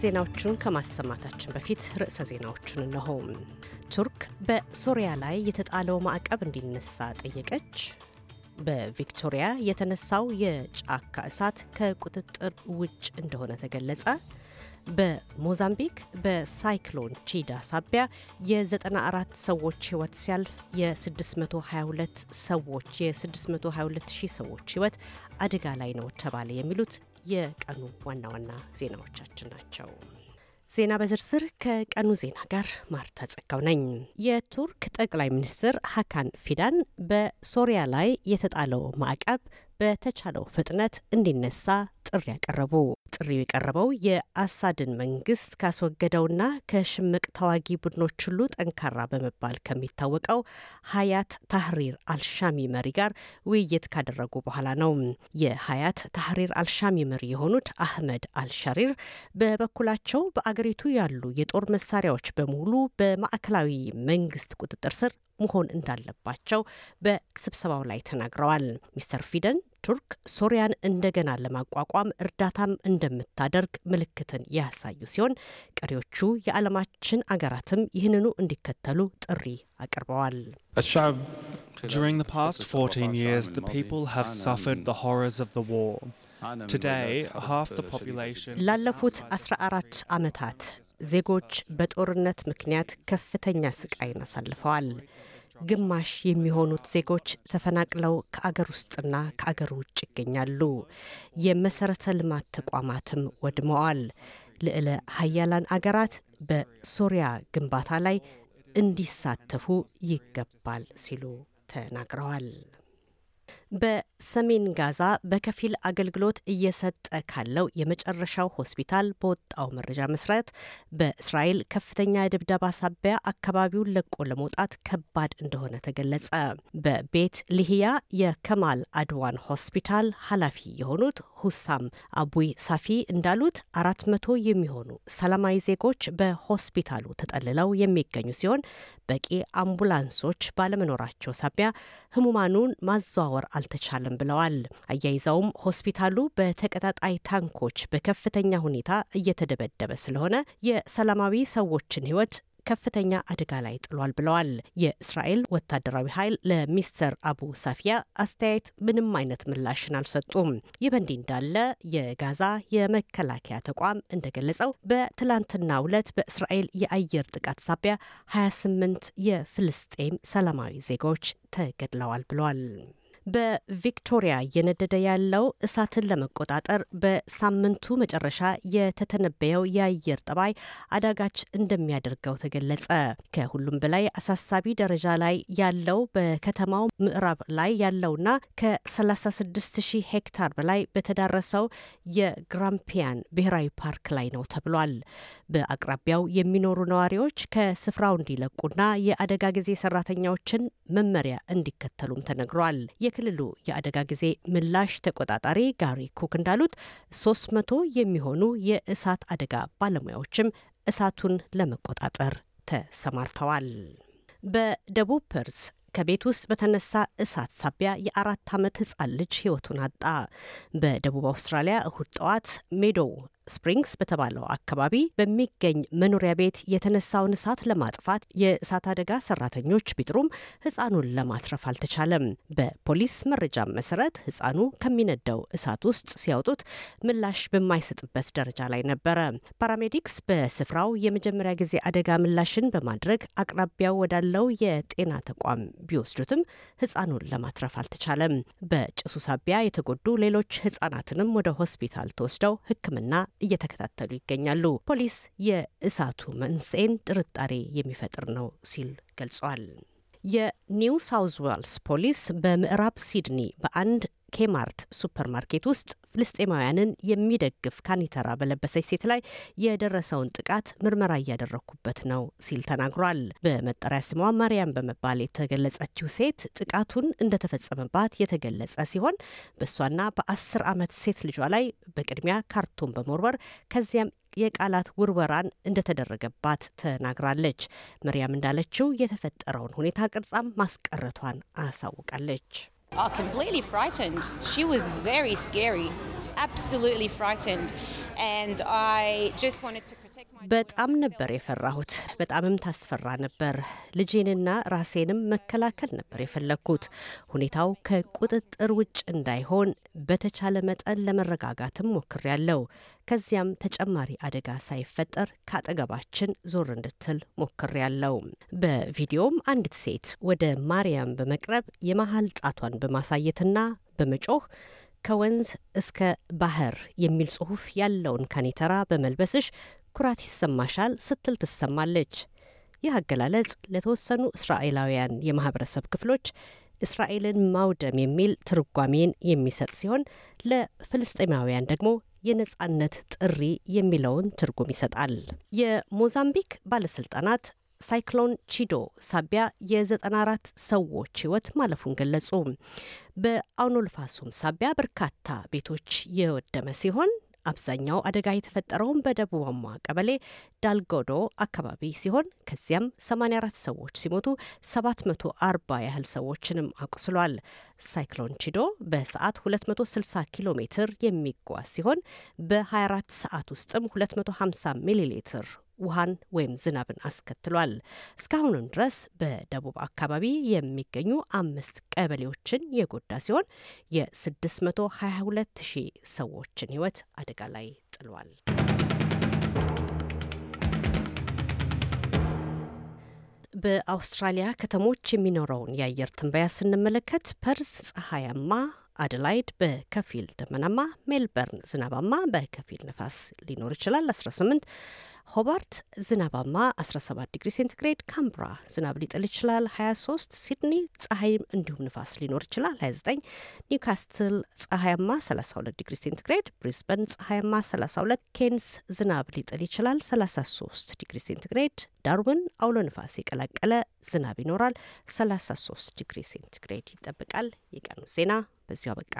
ዜናዎቹን ከማሰማታችን በፊት ርዕሰ ዜናዎቹን እነሆ። ቱርክ በሶሪያ ላይ የተጣለው ማዕቀብ እንዲነሳ ጠየቀች። በቪክቶሪያ የተነሳው የጫካ እሳት ከቁጥጥር ውጭ እንደሆነ ተገለጸ። በሞዛምቢክ በሳይክሎን ቺዳ ሳቢያ የ94 ሰዎች ህይወት ሲያልፍ የ622 ሰዎች የ622 ሺህ ሰዎች ህይወት አደጋ ላይ ነው ተባለ። የሚሉት የቀኑ ዋና ዋና ዜናዎቻችን ናቸው። ዜና በዝርዝር ከቀኑ ዜና ጋር ማርታ ጸጋው ነኝ። የቱርክ ጠቅላይ ሚኒስትር ሀካን ፊዳን በሶሪያ ላይ የተጣለው ማዕቀብ በተቻለው ፍጥነት እንዲነሳ ጥሪ ያቀረቡ ጥሪው የቀረበው የአሳድን መንግስት ካስወገደውና ከሽምቅ ተዋጊ ቡድኖች ሁሉ ጠንካራ በመባል ከሚታወቀው ሀያት ታህሪር አልሻሚ መሪ ጋር ውይይት ካደረጉ በኋላ ነው። የሀያት ታህሪር አልሻሚ መሪ የሆኑት አህመድ አልሻሪር በበኩላቸው በአገሪቱ ያሉ የጦር መሳሪያዎች በሙሉ በማዕከላዊ መንግስት ቁጥጥር ስር መሆን እንዳለባቸው በስብሰባው ላይ ተናግረዋል። ሚስተር ፊደን ቱርክ ሶሪያን እንደገና ለማቋቋም እርዳታም እንደምታደርግ ምልክትን ያሳዩ ሲሆን ቀሪዎቹ የዓለማችን አገራትም ይህንኑ እንዲከተሉ ጥሪ አቅርበዋል። During the past 14 years, the people have suffered the horrors of the war. Today, half the population... ላለፉት 14 ዓመታት ዜጎች በጦርነት ምክንያት ከፍተኛ ስቃይን አሳልፈዋል። ግማሽ የሚሆኑት ዜጎች ተፈናቅለው ከአገር ውስጥና ከአገር ውጭ ይገኛሉ። የመሰረተ ልማት ተቋማትም ወድመዋል። ልዕለ ሀያላን አገራት በሶሪያ ግንባታ ላይ እንዲሳተፉ ይገባል ሲሉ ተናግረዋል። በሰሜን ጋዛ በከፊል አገልግሎት እየሰጠ ካለው የመጨረሻው ሆስፒታል በወጣው መረጃ መሰረት በእስራኤል ከፍተኛ ድብደባ ሳቢያ አካባቢውን ለቆ ለመውጣት ከባድ እንደሆነ ተገለጸ። በቤት ሊህያ የከማል አድዋን ሆስፒታል ኃላፊ የሆኑት ሁሳም አቡይ ሳፊ እንዳሉት አራት መቶ የሚሆኑ ሰላማዊ ዜጎች በሆስፒታሉ ተጠልለው የሚገኙ ሲሆን በቂ አምቡላንሶች ባለመኖራቸው ሳቢያ ህሙማኑን ማዘዋወር አልተቻለም ብለዋል። አያይዘውም ሆስፒታሉ በተቀጣጣይ ታንኮች በከፍተኛ ሁኔታ እየተደበደበ ስለሆነ የሰላማዊ ሰዎችን ሕይወት ከፍተኛ አደጋ ላይ ጥሏል ብለዋል። የእስራኤል ወታደራዊ ኃይል ለሚስተር አቡ ሳፊያ አስተያየት ምንም አይነት ምላሽን አልሰጡም። ይህ በእንዲህ እንዳለ የጋዛ የመከላከያ ተቋም እንደገለጸው በትላንትናው ዕለት በእስራኤል የአየር ጥቃት ሳቢያ 28 የፍልስጤም ሰላማዊ ዜጋዎች ተገድለዋል ብለዋል። በቪክቶሪያ እየነደደ ያለው እሳትን ለመቆጣጠር በሳምንቱ መጨረሻ የተተነበየው የአየር ጠባይ አዳጋች እንደሚያደርገው ተገለጸ። ከሁሉም በላይ አሳሳቢ ደረጃ ላይ ያለው በከተማው ምዕራብ ላይ ያለውና ከ36000 ሄክታር በላይ በተዳረሰው የግራምፒያን ብሔራዊ ፓርክ ላይ ነው ተብሏል። በአቅራቢያው የሚኖሩ ነዋሪዎች ከስፍራው እንዲለቁና የአደጋ ጊዜ ሰራተኛዎችን መመሪያ እንዲከተሉም ተነግሯል። የክልሉ የአደጋ ጊዜ ምላሽ ተቆጣጣሪ ጋሪ ኩክ እንዳሉት 300 መቶ የሚሆኑ የእሳት አደጋ ባለሙያዎችም እሳቱን ለመቆጣጠር ተሰማርተዋል። በደቡብ ፐርስ ከቤት ውስጥ በተነሳ እሳት ሳቢያ የአራት ዓመት ህጻን ልጅ ህይወቱን አጣ። በደቡብ አውስትራሊያ እሁድ ጠዋት ሜዶው ስፕሪንግስ በተባለው አካባቢ በሚገኝ መኖሪያ ቤት የተነሳውን እሳት ለማጥፋት የእሳት አደጋ ሰራተኞች ቢጥሩም ህፃኑን ለማትረፍ አልተቻለም። በፖሊስ መረጃ መሰረት ህፃኑ ከሚነደው እሳት ውስጥ ሲያወጡት ምላሽ በማይሰጥበት ደረጃ ላይ ነበረ። ፓራሜዲክስ በስፍራው የመጀመሪያ ጊዜ አደጋ ምላሽን በማድረግ አቅራቢያው ወዳለው የጤና ተቋም ቢወስዱትም ህፃኑን ለማትረፍ አልተቻለም። በጭሱ ሳቢያ የተጎዱ ሌሎች ህፃናትንም ወደ ሆስፒታል ተወስደው ህክምና እየተከታተሉ ይገኛሉ። ፖሊስ የእሳቱ መንስኤን ጥርጣሬ የሚፈጥር ነው ሲል ገልጿል። የኒው ሳውዝ ዌልስ ፖሊስ በምዕራብ ሲድኒ በአንድ ኬማርት ሱፐርማርኬት ውስጥ ፍልስጤማውያንን የሚደግፍ ካኒተራ በለበሰች ሴት ላይ የደረሰውን ጥቃት ምርመራ እያደረግኩበት ነው ሲል ተናግሯል። በመጠሪያ ስሟ ማርያም በመባል የተገለጸችው ሴት ጥቃቱን እንደተፈጸመባት የተገለጸ ሲሆን በእሷና በአስር ዓመት ሴት ልጇ ላይ በቅድሚያ ካርቶን በመወርወር ከዚያም የቃላት ውርወራን እንደተደረገባት ተናግራለች። መርያም እንዳለችው የተፈጠረውን ሁኔታ ቅርጻም ማስቀረቷን አሳውቃለች። are completely frightened. She was very scary, absolutely frightened. በጣም ነበር የፈራሁት። በጣምም ታስፈራ ነበር። ልጄንና ራሴንም መከላከል ነበር የፈለግኩት። ሁኔታው ከቁጥጥር ውጭ እንዳይሆን በተቻለ መጠን ለመረጋጋትም ሞክሬያለሁ። ከዚያም ተጨማሪ አደጋ ሳይፈጠር ከአጠገባችን ዞር እንድትል ሞክሬያለሁ። በቪዲዮም አንዲት ሴት ወደ ማርያም በመቅረብ የመሀል ጣቷን በማሳየትና በመጮህ ከወንዝ እስከ ባህር የሚል ጽሑፍ ያለውን ካኒተራ በመልበስሽ ኩራት ይሰማሻል ስትል ትሰማለች። ይህ አገላለጽ ለተወሰኑ እስራኤላውያን የማህበረሰብ ክፍሎች እስራኤልን ማውደም የሚል ትርጓሜን የሚሰጥ ሲሆን ለፍልስጤማውያን ደግሞ የነጻነት ጥሪ የሚለውን ትርጉም ይሰጣል። የሞዛምቢክ ባለስልጣናት ሳይክሎን ቺዶ ሳቢያ የ94 ሰዎች ሕይወት ማለፉን ገለጹ። በአውኖልፋሱም ሳቢያ በርካታ ቤቶች የወደመ ሲሆን አብዛኛው አደጋ የተፈጠረውን በደቡባማ ቀበሌ ዳልጎዶ አካባቢ ሲሆን ከዚያም 84 ሰዎች ሲሞቱ 740 ያህል ሰዎችንም አቁስሏል። ሳይክሎን ቺዶ በሰዓት 260 ኪሎ ሜትር የሚጓዝ ሲሆን በ24 ሰዓት ውስጥም 250 ሚሊ ሊትር ውሃን ወይም ዝናብን አስከትሏል። እስካሁንም ድረስ በደቡብ አካባቢ የሚገኙ አምስት ቀበሌዎችን የጎዳ ሲሆን የ622 ሺህ ሰዎችን ህይወት አደጋ ላይ ጥሏል። በአውስትራሊያ ከተሞች የሚኖረውን የአየር ትንበያ ስንመለከት ፐርስ ፀሐያማ አደላይድ በከፊል ደመናማ፣ ሜልበርን ዝናባማ በከፊል ነፋስ ሊኖር ይችላል። 18 ሆባርት ዝናባማ 17 ዲግሪ ሴንቲግሬድ፣ ካምብራ ዝናብ ሊጥል ይችላል 23፣ ሲድኒ ፀሐይ እንዲሁም ንፋስ ሊኖር ይችላል 29፣ ኒውካስትል ፀሐያማ 32 ዲግሪ ሴንቲግሬድ፣ ብሪስበን ፀሐያማ 32፣ ኬንስ ዝናብ ሊጥል ይችላል 33 ዲግሪ ሴንቲግሬድ፣ ዳርዊን አውሎ ንፋስ የቀላቀለ ዝናብ ይኖራል 33 ዲግሪ ሴንቲግሬድ ይጠበቃል። የቀኑ ዜና በዚሁ አበቃ።